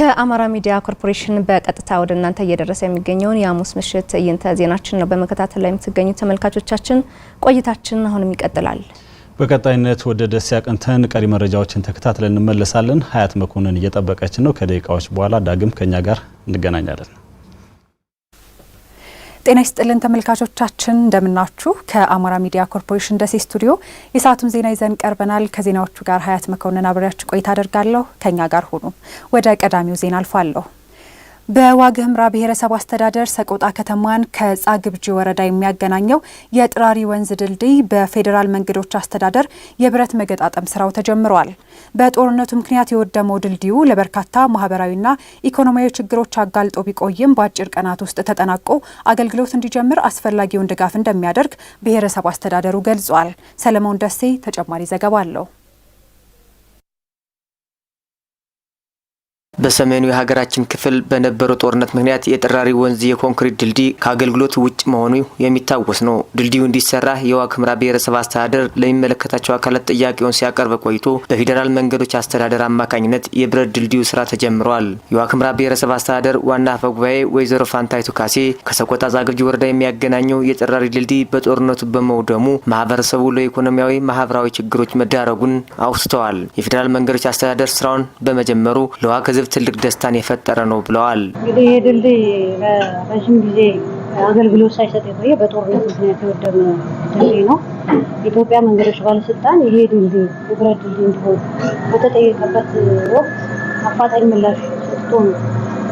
ከአማራ ሚዲያ ኮርፖሬሽን በቀጥታ ወደ እናንተ እየደረሰ የሚገኘውን የሐሙስ ምሽት ትዕይንተ ዜናችን ነው በመከታተል ላይ የምትገኙ ተመልካቾቻችን። ቆይታችን አሁንም ይቀጥላል። በቀጣይነት ወደ ደሴ አቅንተን ቀሪ መረጃዎችን ተከታትለን እንመለሳለን። ሀያት መኮንን እየጠበቀችን ነው። ከደቂቃዎች በኋላ ዳግም ከኛ ጋር እንገናኛለን። ጤና ይስጥልን ተመልካቾቻችን፣ እንደምናችሁ። ከአማራ ሚዲያ ኮርፖሬሽን ደሴ ስቱዲዮ የሰዓቱን ዜና ይዘን ቀርበናል። ከዜናዎቹ ጋር ሀያት መኮንን አብሬያችሁ ቆይታ አደርጋለሁ። ከኛ ጋር ሁኑ። ወደ ቀዳሚው ዜና አልፋለሁ። በዋግ ኽምራ ብሔረሰብ አስተዳደር ሰቆጣ ከተማን ከጻግብጂ ወረዳ የሚያገናኘው የጥራሪ ወንዝ ድልድይ በፌዴራል መንገዶች አስተዳደር የብረት መገጣጠም ስራው ተጀምሯል። በጦርነቱ ምክንያት የወደመው ድልድዩ ለበርካታ ማህበራዊና ኢኮኖሚያዊ ችግሮች አጋልጦ ቢቆይም በአጭር ቀናት ውስጥ ተጠናቆ አገልግሎት እንዲጀምር አስፈላጊውን ድጋፍ እንደሚያደርግ ብሔረሰብ አስተዳደሩ ገልጿል። ሰለሞን ደሴ ተጨማሪ ዘገባ አለው። በሰሜኑ የሀገራችን ክፍል በነበረው ጦርነት ምክንያት የጠራሪ ወንዝ የኮንክሪት ድልድይ ከአገልግሎት ውጭ መሆኑ የሚታወስ ነው። ድልድዩ እንዲሰራ የዋግ ኽምራ ብሔረሰብ አስተዳደር ለሚመለከታቸው አካላት ጥያቄውን ሲያቀርብ ቆይቶ በፌዴራል መንገዶች አስተዳደር አማካኝነት የብረት ድልድዩ ስራ ተጀምረዋል። የዋግ ኽምራ ብሔረሰብ አስተዳደር ዋና አፈ ጉባኤ ወይዘሮ ፋንታይቱ ካሴ ከሰቆጣ ዛግብጂ ወረዳ የሚያገናኘው የጠራሪ ድልድይ በጦርነቱ በመውደሙ ማህበረሰቡ ለኢኮኖሚያዊ፣ ማህበራዊ ችግሮች መዳረጉን አውስተዋል። የፌዴራል መንገዶች አስተዳደር ስራውን በመጀመሩ ለዋግ ህዝብ ትልቅ ደስታን የፈጠረ ነው ብለዋል። እንግዲህ ይህ ድልድይ ረዥም ጊዜ አገልግሎት ሳይሰጥ የቆየ በጦርነት ምክንያት የወደመ ድልድይ ነው። የኢትዮጵያ መንገዶች ባለስልጣን ይሄ ድልድይ የብረት ድልድይ እንዲሆን በተጠየቀበት ወቅት አፋጣኝ ምላሽ ሰጥቶ ነው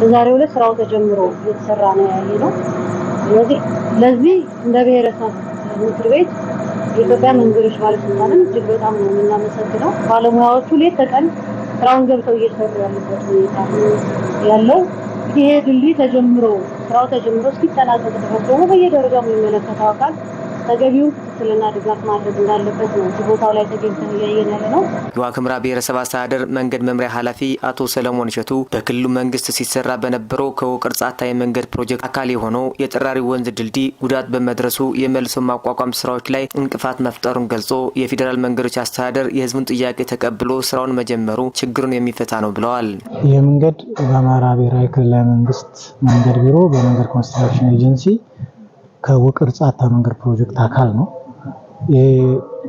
በዛሬው ዕለት ስራው ተጀምሮ እየተሰራ ነው ያለ ነው። ስለዚህ ለዚህ እንደ ብሔረሰብ ምክር ቤት የኢትዮጵያ መንገዶች ባለስልጣንም እጅግ በጣም ነው የምናመሰግነው ባለሙያዎቹ ሌት ተቀን ስራውን ገብተው እየሰሩ ያሉበት ሁኔታ ያለው ይሄ ድልድይ ተጀምሮ ስራው ተጀምሮ እስኪጠናቀቅ ድረስ ደግሞ በየደረጃው የሚመለከተው አካል ተገቢው ክትትልና ድጋፍ ማድረግ እንዳለበት ነው እዚህ ቦታው ላይ ተገኝተን እያየን ያለ ነው። የዋግኽምራ ብሔረሰብ አስተዳደር መንገድ መምሪያ ኃላፊ አቶ ሰለሞን እሸቱ በክልሉ መንግስት ሲሰራ በነበረው ከውቅርጻታ የመንገድ ፕሮጀክት አካል የሆነው የጠራሪ ወንዝ ድልድይ ጉዳት በመድረሱ የመልሶ ማቋቋም ስራዎች ላይ እንቅፋት መፍጠሩን ገልጾ የፌዴራል መንገዶች አስተዳደር የህዝቡን ጥያቄ ተቀብሎ ስራውን መጀመሩ ችግሩን የሚፈታ ነው ብለዋል። ይህ መንገድ በአማራ ብሔራዊ ክልላዊ መንግስት መንገድ ቢሮ በመንገድ ኮንስትራክሽን ኤጀንሲ ከውቅርጻታ መንገድ ፕሮጀክት አካል ነው። ይሄ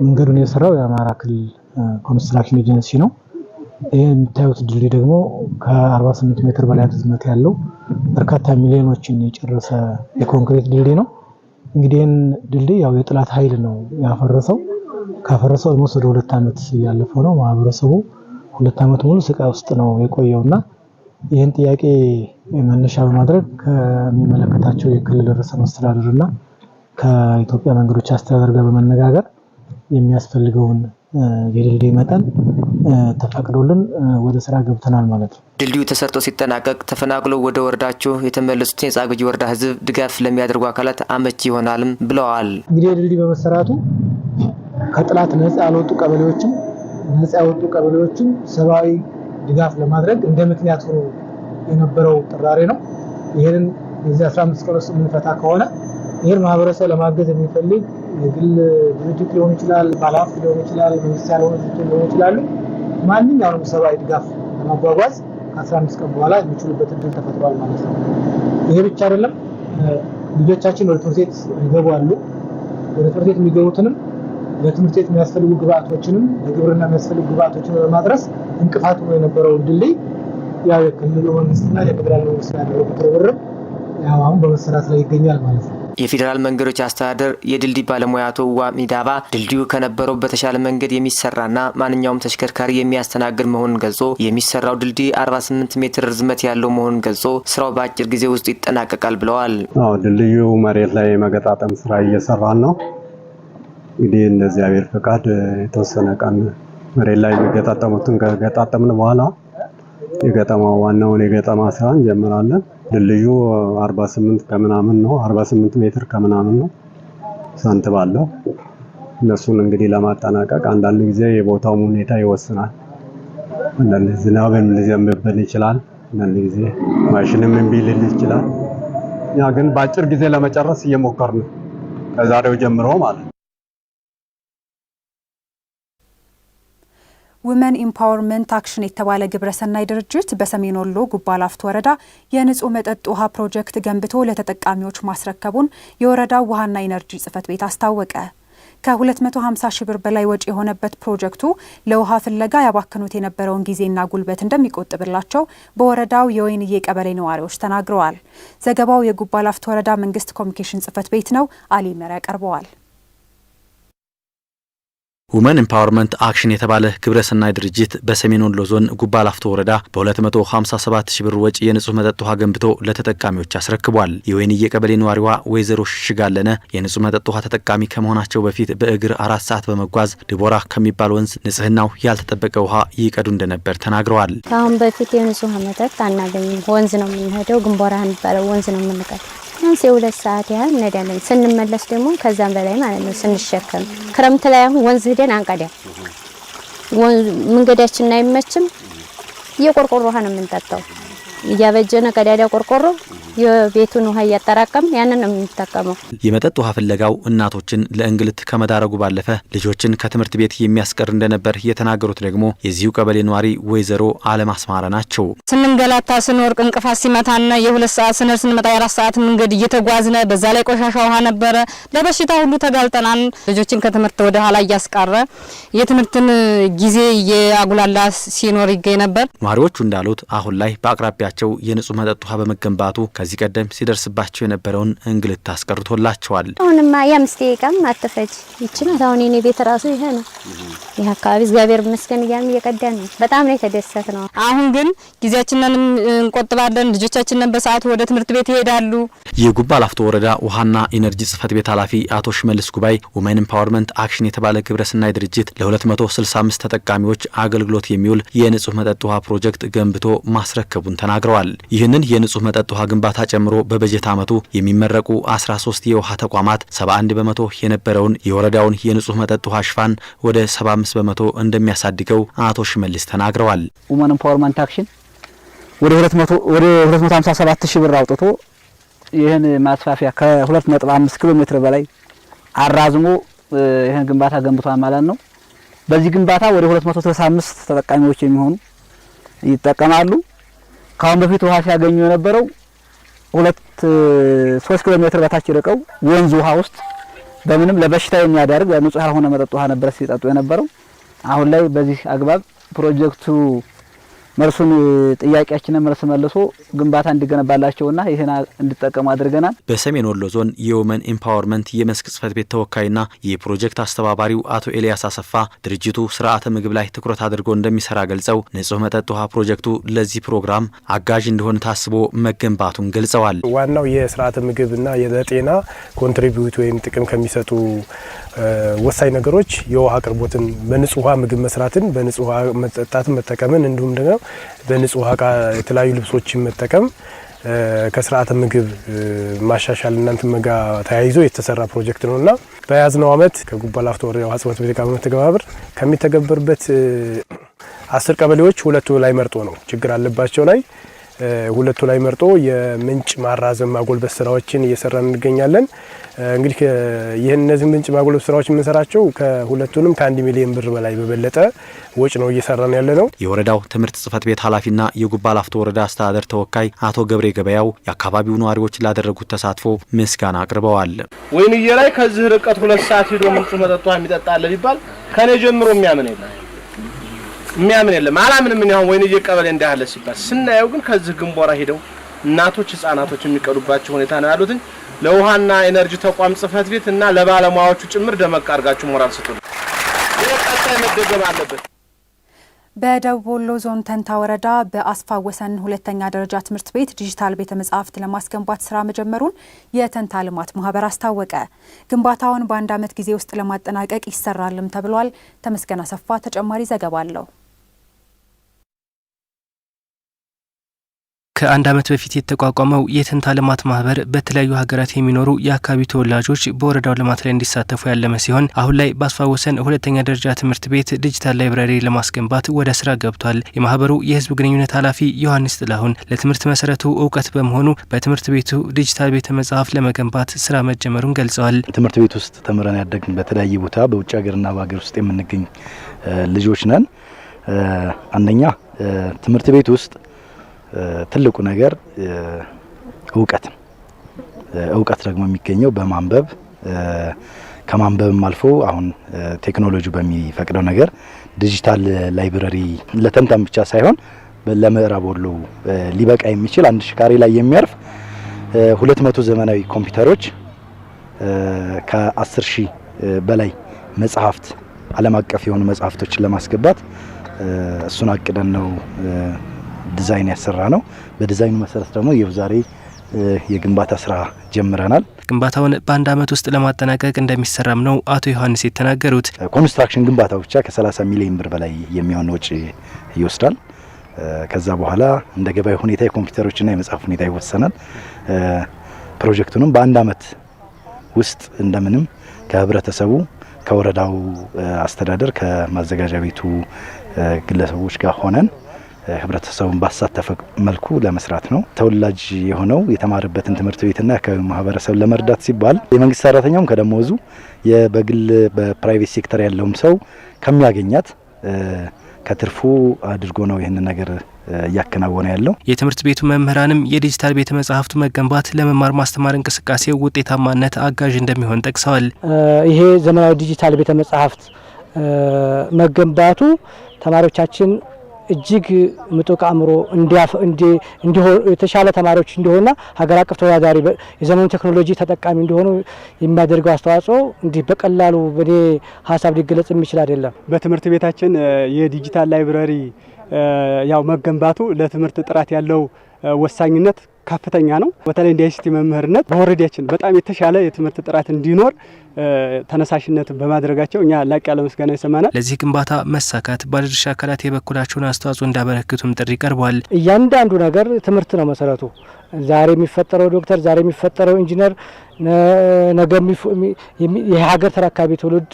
መንገዱን የሰራው የአማራ ክልል ኮንስትራክሽን ኤጀንሲ ነው። ይህ የምታዩት ድልድይ ደግሞ ከ48 ሜትር በላይ ርዝመት ያለው በርካታ ሚሊዮኖችን የጨረሰ የኮንክሪት ድልድይ ነው። እንግዲህ ይህን ድልድይ ያው የጥላት ኃይል ነው ያፈረሰው። ካፈረሰው ኦልሞስት ወደ ሁለት ዓመት እያለፈው ነው። ማህበረሰቡ ሁለት ዓመት ሙሉ ስቃይ ውስጥ ነው የቆየው እና ይህን ጥያቄ መነሻ በማድረግ ከሚመለከታቸው የክልል ርዕሰ መስተዳድር እና ከኢትዮጵያ መንገዶች አስተዳደር ጋር በመነጋገር የሚያስፈልገውን የድልድይ መጠን ተፈቅዶልን ወደ ስራ ገብተናል ማለት ነው። ድልድዩ ተሰርቶ ሲጠናቀቅ ተፈናቅሎ ወደ ወረዳቸው የተመለሱት የጻግጅ ወረዳ ህዝብ ድጋፍ ለሚያደርጉ አካላት አመቺ ይሆናልም ብለዋል። እንግዲህ የድልድይ በመሰራቱ ከጥላት ነጻ ያልወጡ ቀበሌዎችም ነጻ ያወጡ ቀበሌዎችም ሰብአዊ ድጋፍ ለማድረግ እንደ ምክንያት ሆኖ የነበረው ጥራሬ ነው። ይህንን የዚህ 15 ቀን ውስጥ የምንፈታ ከሆነ ይህን ማህበረሰብ ለማገዝ የሚፈልግ የግል ድርጅት ሊሆን ይችላል፣ ባለሀብት ሊሆን ይችላል፣ መንግስት ያልሆኑ ድርጅት ሊሆን ይችላሉ። ማንኛውንም ሰብአዊ ድጋፍ ለማጓጓዝ ከ15 ቀን በኋላ የሚችሉበት እድል ተፈጥሯል ማለት ነው። ይሄ ብቻ አይደለም። ልጆቻችን ወደ ትምህርት ቤት ይገባሉ። ወደ ትምህርት ቤት የሚገቡትንም ለትምህርት ቤት የሚያስፈልጉ ግብአቶችንም ለግብርና የሚያስፈልጉ ግብአቶችን በማድረስ እንቅፋት ሆኖ የነበረው ድልድይ ያው የክልሉ መንግስትና የፌደራል መንግስት ያደረጉት ርብርብ ያው አሁን በመሰራት ላይ ይገኛል ማለት ነው። የፌዴራል መንገዶች አስተዳደር የድልድይ ባለሙያ አቶ ዋ ሚዳባ ድልድዩ ከነበረው በተሻለ መንገድ የሚሰራና ማንኛውም ተሽከርካሪ የሚያስተናግድ መሆኑን ገልጾ የሚሰራው ድልድይ 48 ሜትር ርዝመት ያለው መሆኑን ገልጾ ስራው በአጭር ጊዜ ውስጥ ይጠናቀቃል ብለዋል። ድልድዩ መሬት ላይ መገጣጠም ስራ እየሰራን ነው። እንግዲህ እንደ እግዚአብሔር ፈቃድ የተወሰነ ቀን መሬት ላይ የሚገጣጠሙትን ከገጣጠምን በኋላ የገጠማው ዋናውን የገጠማ ስራ እንጀምራለን። ድልድዩ 48 ከምናምን ነው 48 ሜትር ከምናምን ነው ሳንቲም አለው። እነሱን እንግዲህ ለማጠናቀቅ አንዳንድ ጊዜ የቦታውም ሁኔታ ይወስናል። አንዳንድ ዝናብም ሊዘንብብን ይችላል። አንዳንድ ጊዜ ማሽንም እምቢ ሊል ይችላል። ያ ግን በአጭር ጊዜ ለመጨረስ እየሞከር ነው ከዛሬው ጀምሮ ማለት ነው። ውመን ኢምፓወርመንት አክሽን የተባለ ግብረሰናይ ድርጅት በሰሜን ወሎ ጉባላፍት ወረዳ የንጹህ መጠጥ ውሃ ፕሮጀክት ገንብቶ ለተጠቃሚዎች ማስረከቡን የወረዳው ውሃና ኢነርጂ ጽህፈት ቤት አስታወቀ። ከ250 ሺህ ብር በላይ ወጪ የሆነበት ፕሮጀክቱ ለውሃ ፍለጋ ያባከኑት የነበረውን ጊዜና ጉልበት እንደሚቆጥብላቸው በወረዳው የወይንዬ ቀበሌ ነዋሪዎች ተናግረዋል። ዘገባው የጉባላፍት ወረዳ መንግስት ኮሚኒኬሽን ጽህፈት ቤት ነው። አሊ መር ያቀርበዋል። ውመን ኤምፓወርመንት አክሽን የተባለ ግብረሰናይ ድርጅት በሰሜን ወሎ ዞን ጉባ ላፍቶ ወረዳ በ257 ሺህ ብር ወጪ የንጹህ መጠጥ ውሃ ገንብቶ ለተጠቃሚዎች አስረክቧል። የወይንዬ ቀበሌ ነዋሪዋ ወይዘሮ ሽጋለነ የንጹህ መጠጥ ውሃ ተጠቃሚ ከመሆናቸው በፊት በእግር አራት ሰዓት በመጓዝ ድቦራ ከሚባል ወንዝ ንጽህናው ያልተጠበቀ ውሃ ይቀዱ እንደነበር ተናግረዋል። ከአሁን በፊት የንጹህ መጠጥ አናገኝም። ወንዝ ነው የምንሄደው። ግንቦራ የሚባለው ወንዝ ነው የምንቀጥ ቢያንስ የሁለት ሰዓት ያህል እንሄዳለን። ስንመለስ ደግሞ ከዛም በላይ ማለት ነው ስንሸከም። ክረምት ላይ አሁን ወንዝ ሄደን አንቀዳ መንገዳችን አይመችም። የቆርቆሮ ውሃ ነው የምንጠጣው። እያበጀነ ቀዳዳ ቆርቆሮ የቤቱን ውሃ እያጠራቀም ያንን ነው የሚጠቀመው። የመጠጥ ውሃ ፍለጋው እናቶችን ለእንግልት ከመዳረጉ ባለፈ ልጆችን ከትምህርት ቤት የሚያስቀር እንደነበር የተናገሩት ደግሞ የዚሁ ቀበሌ ነዋሪ ወይዘሮ አለም ናቸው። ስንንገላታ ስንወርቅ እንቅፋት ሲመታና የሁለት ሰዓት ስንር ስንመጣ የአራት ሰዓት መንገድ እየተጓዝነ በዛ ላይ ቆሻሻ ውሃ ነበረ። ለበሽታ ሁሉ ተጋልጠናል። ልጆችን ከትምህርት ወደ ኋላ እያስቀረ የትምህርትን ጊዜ የአጉላላ ሲኖር ይገኝ ነበር። ነዋሪዎቹ እንዳሉት አሁን ላይ በአቅራቢያ ። ያላቸው የንጹህ መጠጥ ውሃ በመገንባቱ ከዚህ ቀደም ሲደርስባቸው የነበረውን እንግልት አስቀርቶላቸዋል። አሁንማ የአምስት ደቂቃም አትፈጅ ይችናት። አሁን የኔ ቤት ራሱ ይሄ ነው። ይህ አካባቢ እግዚአብሔር ይመስገን እያም እየቀዳ ነው። በጣም ነው የተደሰት ነው። አሁን ግን ጊዜያችንንም እንቆጥባለን። ልጆቻችንን በሰዓቱ ወደ ትምህርት ቤት ይሄዳሉ። የጉባ ላፍቶ ወረዳ ውሃና ኢነርጂ ጽህፈት ቤት ኃላፊ አቶ ሽመልስ ጉባኤ ውመን ኢምፓወርመንት አክሽን የተባለ ግብረሰናይ ድርጅት ለ265 ተጠቃሚዎች አገልግሎት የሚውል የንጹህ መጠጥ ውሃ ፕሮጀክት ገንብቶ ማስረከቡን ተናግረዋል። ተናግረዋል። ይህንን የንጹህ መጠጥ ውሃ ግንባታ ጨምሮ በበጀት ዓመቱ የሚመረቁ 13 የውሃ ተቋማት 71 በመቶ የነበረውን የወረዳውን የንጹህ መጠጥ ውሃ ሽፋን ወደ 75 በመቶ እንደሚያሳድገው አቶ ሽመልስ ተናግረዋል። ውመን ኢምፓወርመንት አክሽን ወደ 257 ሺህ ብር አውጥቶ ይህን ማስፋፊያ ከ2.5 ኪሎ ሜትር በላይ አራዝሞ ይህን ግንባታ ገንብቷል ማለት ነው። በዚህ ግንባታ ወደ 265 ተጠቃሚዎች የሚሆኑ ይጠቀማሉ። ከአሁን በፊት ውሃ ሲያገኙ የነበረው ሁለት ሶስት ኪሎ ሜትር በታች ርቀው ወንዝ ውሃ ውስጥ በምንም ለበሽታ የሚያዳርግ ንጹህ ያልሆነ መጠጥ ውሃ ነበር ሲጠጡ የነበረው። አሁን ላይ በዚህ አግባብ ፕሮጀክቱ መልሱን ጥያቄያችንን መልስ መልሶ ግንባታ እንዲገነባላቸውና ይህን እንዲጠቀሙ አድርገናል። በሰሜን ወሎ ዞን የውመን ኢምፓወርመንት የመስክ ጽህፈት ቤት ተወካይና የፕሮጀክት አስተባባሪው አቶ ኤልያስ አሰፋ ድርጅቱ ስርዓተ ምግብ ላይ ትኩረት አድርጎ እንደሚሰራ ገልጸው ንጹህ መጠጥ ውሃ ፕሮጀክቱ ለዚህ ፕሮግራም አጋዥ እንደሆነ ታስቦ መገንባቱን ገልጸዋል። ዋናው የስርዓተ ምግብና የጤና ኮንትሪቢዩት ወይም ጥቅም ከሚሰጡ ወሳኝ ነገሮች የውሃ አቅርቦትን፣ በንጹህ ውሃ ምግብ መስራትን፣ በንጹህ ውሃ መጠጣትን መጠቀምን እንዲሁም ደግሞ በንጹህ እቃ የተለያዩ ልብሶችን መጠቀም ከስርዓተ ምግብ ማሻሻል እናንት መጋ ተያይዞ የተሰራ ፕሮጀክት ነው እና በያዝነው አመት ከጉባ ላፍቶ ወረዳ ውሃ ጽሕፈት ቤት ጋር በመተገባበር ከሚተገበርበት አስር ቀበሌዎች ሁለቱ ላይ መርጦ ነው ችግር አለባቸው ላይ ሁለቱ ላይ መርጦ የምንጭ ማራዘም ማጎልበት ስራዎችን እየሰራን እንገኛለን። እንግዲህ ይህን እነዚህ ምንጭ ማጎልበት ስራዎች የምንሰራቸው ከሁለቱንም ከአንድ ሚሊዮን ብር በላይ በበለጠ ወጭ ነው እየሰራን ያለ ነው። የወረዳው ትምህርት ጽህፈት ቤት ኃላፊና የጉባ ላፍቶ ወረዳ አስተዳደር ተወካይ አቶ ገብሬ ገበያው የአካባቢው ነዋሪዎች ላደረጉት ተሳትፎ ምስጋና አቅርበዋል። ወይንዬ ላይ ከዚህ ርቀት ሁለት ሰዓት ሂዶ ምንጩ መጠጥ የሚጠጣ ቢባል ከኔ ጀምሮ የሚያምን የለም የሚያምን የለም። አላምንም ወይ አሁን ወይንዬ ቀበሌ እንዳለ ሲባል ስናየው ግን ከዚህ ግንቦራ ሄደው እናቶች ህጻናቶች የሚቀዱባቸው ሁኔታ ነው ያሉትኝ። ለውሃና ኤነርጂ ተቋም ጽህፈት ቤት እና ለባለሙያዎቹ ጭምር ደመቅ አድርጋችሁ ሞራል ስጡ። ቀጣይ መደገም አለበት። በደቡብ ወሎ ዞን ተንታ ወረዳ በአስፋ ወሰን ሁለተኛ ደረጃ ትምህርት ቤት ዲጂታል ቤተ መጻሕፍት ለማስገንባት ስራ መጀመሩን የተንታ ልማት ማህበር አስታወቀ። ግንባታውን በአንድ ዓመት ጊዜ ውስጥ ለማጠናቀቅ ይሰራልም ተብሏል። ተመስገን አሰፋ ተጨማሪ ዘገባ አለው። ከአንድ ዓመት በፊት የተቋቋመው የትንታ ልማት ማህበር በተለያዩ ሀገራት የሚኖሩ የአካባቢ ተወላጆች በወረዳው ልማት ላይ እንዲሳተፉ ያለመ ሲሆን አሁን ላይ በአስፋ ወሰን ሁለተኛ ደረጃ ትምህርት ቤት ዲጂታል ላይብራሪ ለማስገንባት ወደ ስራ ገብቷል። የማህበሩ የህዝብ ግንኙነት ኃላፊ ዮሐንስ ጥላሁን ለትምህርት መሰረቱ እውቀት በመሆኑ በትምህርት ቤቱ ዲጂታል ቤተ መጽሐፍ ለመገንባት ስራ መጀመሩን ገልጸዋል። ትምህርት ቤት ውስጥ ተምረን ያደግን በተለያየ ቦታ በውጭ ሀገርና በሀገር ውስጥ የምንገኝ ልጆች ነን። አንደኛ ትምህርት ቤት ውስጥ ትልቁ ነገር እውቀት እውቀት ደግሞ የሚገኘው በማንበብ ከማንበብም አልፎ አሁን ቴክኖሎጂ በሚፈቅደው ነገር ዲጂታል ላይብረሪ ለተምታም ብቻ ሳይሆን ለምዕራብ ወሎ ሊበቃ የሚችል አንድ ሽካሪ ላይ የሚያርፍ ሁለት መቶ ዘመናዊ ኮምፒውተሮች ከአስር ሺህ በላይ መጽሐፍት ዓለም አቀፍ የሆኑ መጽሐፍቶችን ለማስገባት እሱን አቅደን ነው ዲዛይን ያሰራ ነው። በዲዛይኑ መሰረት ደግሞ የዛሬ የግንባታ ስራ ጀምረናል። ግንባታውን በአንድ አመት ውስጥ ለማጠናቀቅ እንደሚሰራም ነው አቶ ዮሐንስ የተናገሩት። ኮንስትራክሽን ግንባታው ብቻ ከ30 ሚሊዮን ብር በላይ የሚሆን ወጪ ይወስዳል። ከዛ በኋላ እንደ ገበያ ሁኔታ የኮምፒውተሮችና የመጽሐፍ ሁኔታ ይወሰናል። ፕሮጀክቱንም በአንድ አመት ውስጥ እንደምንም ከህብረተሰቡ ከወረዳው አስተዳደር ከማዘጋጃ ቤቱ ግለሰቦች ጋር ሆነን ህብረተሰቡን ባሳተፈ መልኩ ለመስራት ነው። ተወላጅ የሆነው የተማረበትን ትምህርት ቤትና የአካባቢ ማህበረሰብ ለመርዳት ሲባል የመንግስት ሰራተኛውም ከደሞዙ በግል በፕራይቬት ሴክተር ያለውም ሰው ከሚያገኛት ከትርፉ አድርጎ ነው ይህንን ነገር እያከናወነ ያለው። የትምህርት ቤቱ መምህራንም የዲጂታል ቤተ መጻሕፍቱ መገንባት ለመማር ማስተማር እንቅስቃሴ ውጤታማነት አጋዥ እንደሚሆን ጠቅሰዋል። ይሄ ዘመናዊ ዲጂታል ቤተ መጻሕፍት መገንባቱ ተማሪዎቻችን እጅግ ምጡቅ አእምሮ የተሻለ ተማሪዎች እንዲሆኑና ሀገር አቀፍ ተወዳዳሪ የዘመኑ ቴክኖሎጂ ተጠቃሚ እንዲሆኑ የሚያደርገው አስተዋጽኦ እንዲህ በቀላሉ በኔ ሀሳብ ሊገለጽ የሚችል አይደለም። በትምህርት ቤታችን የዲጂታል ላይብረሪ ያው መገንባቱ ለትምህርት ጥራት ያለው ወሳኝነት ከፍተኛ ነው። በተለይ እንደ አይሲቲ መምህርነት በወረዳችን በጣም የተሻለ የትምህርት ጥራት እንዲኖር ተነሳሽነት በማድረጋቸው እኛ ላቅ ያለ ምስጋና ይሰማናል። ለዚህ ግንባታ መሳካት ባለድርሻ አካላት የበኩላቸውን አስተዋጽኦ እንዳበረክቱም ጥሪ ቀርቧል። እያንዳንዱ ነገር ትምህርት ነው መሰረቱ። ዛሬ የሚፈጠረው ዶክተር፣ ዛሬ የሚፈጠረው ኢንጂነር፣ ነገ የሀገር ተረካቢ ትውልድ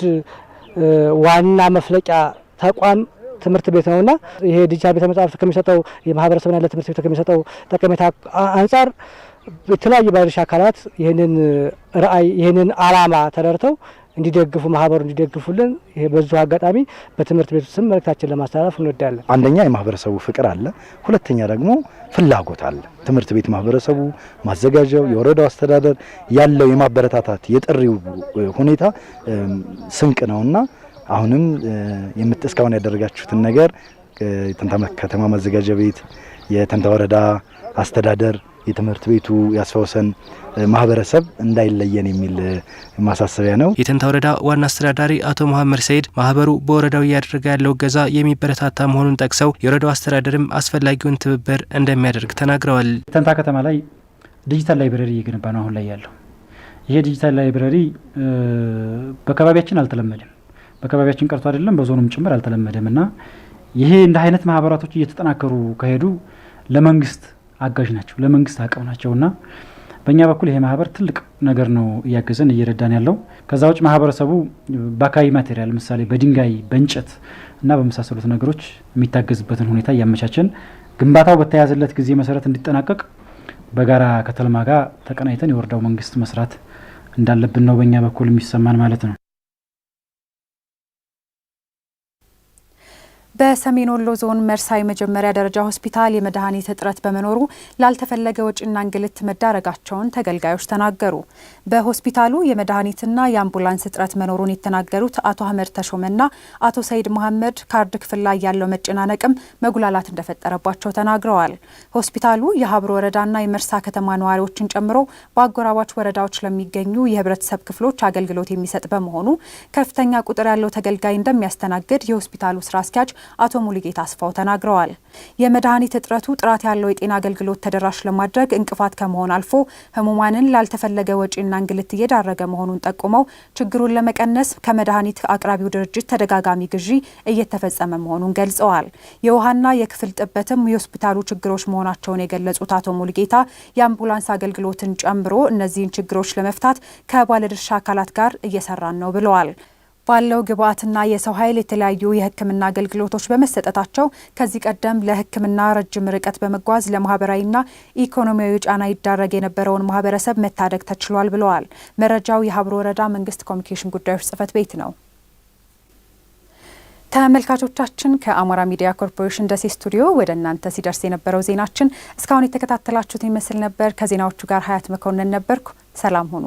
ዋና መፍለቂያ ተቋም ትምህርት ቤት ነውና ይሄ ዲጂታል ቤተ መጻሕፍት ከሚሰጠው የማህበረሰብና ለትምህርት ቤት ከሚሰጠው ጠቀሜታ አንጻር የተለያዩ ባለድርሻ አካላት ይህንን ራዕይ ይህንን አላማ ተረድተው እንዲደግፉ ማህበሩ እንዲደግፉልን ይሄ በዙ አጋጣሚ በትምህርት ቤቱ ስም መልእክታችን ለማስተላለፍ እንወዳለን። አንደኛ የማህበረሰቡ ፍቅር አለ፣ ሁለተኛ ደግሞ ፍላጎት አለ። ትምህርት ቤት ማህበረሰቡ ማዘጋጃው፣ የወረዳው አስተዳደር ያለው የማበረታታት የጥሪው ሁኔታ ስንቅ ነውና አሁንም እስካሁን ያደረጋችሁትን ነገር የተንታ ከተማ ማዘጋጃ ቤት፣ የተንታ ወረዳ አስተዳደር፣ የትምህርት ቤቱ ያስፈወሰን ማህበረሰብ እንዳይለየን የሚል ማሳሰቢያ ነው። የተንታ ወረዳ ዋና አስተዳዳሪ አቶ መሐመድ ሰይድ ማህበሩ በወረዳው እያደረገ ያለው እገዛ የሚበረታታ መሆኑን ጠቅሰው የወረዳው አስተዳደርም አስፈላጊውን ትብብር እንደሚያደርግ ተናግረዋል። ተንታ ከተማ ላይ ዲጂታል ላይብረሪ እየገነባ ነው አሁን ላይ ያለው። ይሄ ዲጂታል ላይብረሪ በአካባቢያችን አልተለመደም። በአካባቢያችን ቀርቶ አይደለም በዞኑም ጭምር አልተለመደም እና ይሄ እንደ አይነት ማህበራቶች እየተጠናከሩ ከሄዱ ለመንግስት አጋዥ ናቸው፣ ለመንግስት አቅም ናቸው እና በእኛ በኩል ይሄ ማህበር ትልቅ ነገር ነው እያገዘን እየረዳን ያለው። ከዛ ውጭ ማህበረሰቡ በአካባቢ ማቴሪያል ለምሳሌ በድንጋይ በእንጨት እና በመሳሰሉት ነገሮች የሚታገዝበትን ሁኔታ እያመቻቸን ግንባታው በተያዘለት ጊዜ መሰረት እንዲጠናቀቅ በጋራ ከተልማ ጋር ተቀናይተን የወረዳው መንግስት መስራት እንዳለብን ነው በእኛ በኩል የሚሰማን ማለት ነው። በሰሜን ወሎ ዞን መርሳ የመጀመሪያ ደረጃ ሆስፒታል የመድኃኒት እጥረት በመኖሩ ላልተፈለገ ወጪና እንግልት መዳረጋቸውን ተገልጋዮች ተናገሩ። በሆስፒታሉ የመድኃኒትና የአምቡላንስ እጥረት መኖሩን የተናገሩት አቶ አህመድ ተሾመና አቶ ሰይድ መሐመድ ካርድ ክፍል ላይ ያለው መጨናነቅም መጉላላት እንደፈጠረባቸው ተናግረዋል። ሆስፒታሉ የሀብሮ ወረዳና የመርሳ ከተማ ነዋሪዎችን ጨምሮ በአጎራባች ወረዳዎች ለሚገኙ የህብረተሰብ ክፍሎች አገልግሎት የሚሰጥ በመሆኑ ከፍተኛ ቁጥር ያለው ተገልጋይ እንደሚያስተናግድ የሆስፒታሉ ስራ አስኪያጅ አቶ ሙሉጌታ አስፋው ተናግረዋል። የመድኃኒት እጥረቱ ጥራት ያለው የጤና አገልግሎት ተደራሽ ለማድረግ እንቅፋት ከመሆን አልፎ ህሙማንን ላልተፈለገ ወጪና እንግልት እየዳረገ መሆኑን ጠቁመው ችግሩን ለመቀነስ ከመድኃኒት አቅራቢው ድርጅት ተደጋጋሚ ግዢ እየተፈጸመ መሆኑን ገልጸዋል። የውሃና የክፍል ጥበትም የሆስፒታሉ ችግሮች መሆናቸውን የገለጹት አቶ ሙሉጌታ የአምቡላንስ አገልግሎትን ጨምሮ እነዚህን ችግሮች ለመፍታት ከባለድርሻ አካላት ጋር እየሰራን ነው ብለዋል። ባለው ግብዓትና የሰው ኃይል የተለያዩ የሕክምና አገልግሎቶች በመሰጠታቸው ከዚህ ቀደም ለሕክምና ረጅም ርቀት በመጓዝ ለማህበራዊና ኢኮኖሚያዊ ጫና ይዳረግ የነበረውን ማህበረሰብ መታደግ ተችሏል ብለዋል። መረጃው የሀብሮ ወረዳ መንግስት ኮሚኒኬሽን ጉዳዮች ጽህፈት ቤት ነው። ተመልካቾቻችን ከአማራ ሚዲያ ኮርፖሬሽን ደሴ ስቱዲዮ ወደ እናንተ ሲደርስ የነበረው ዜናችን እስካሁን የተከታተላችሁት ይመስል ነበር። ከዜናዎቹ ጋር ሀያት መኮንን ነበርኩ። ሰላም ሁኑ።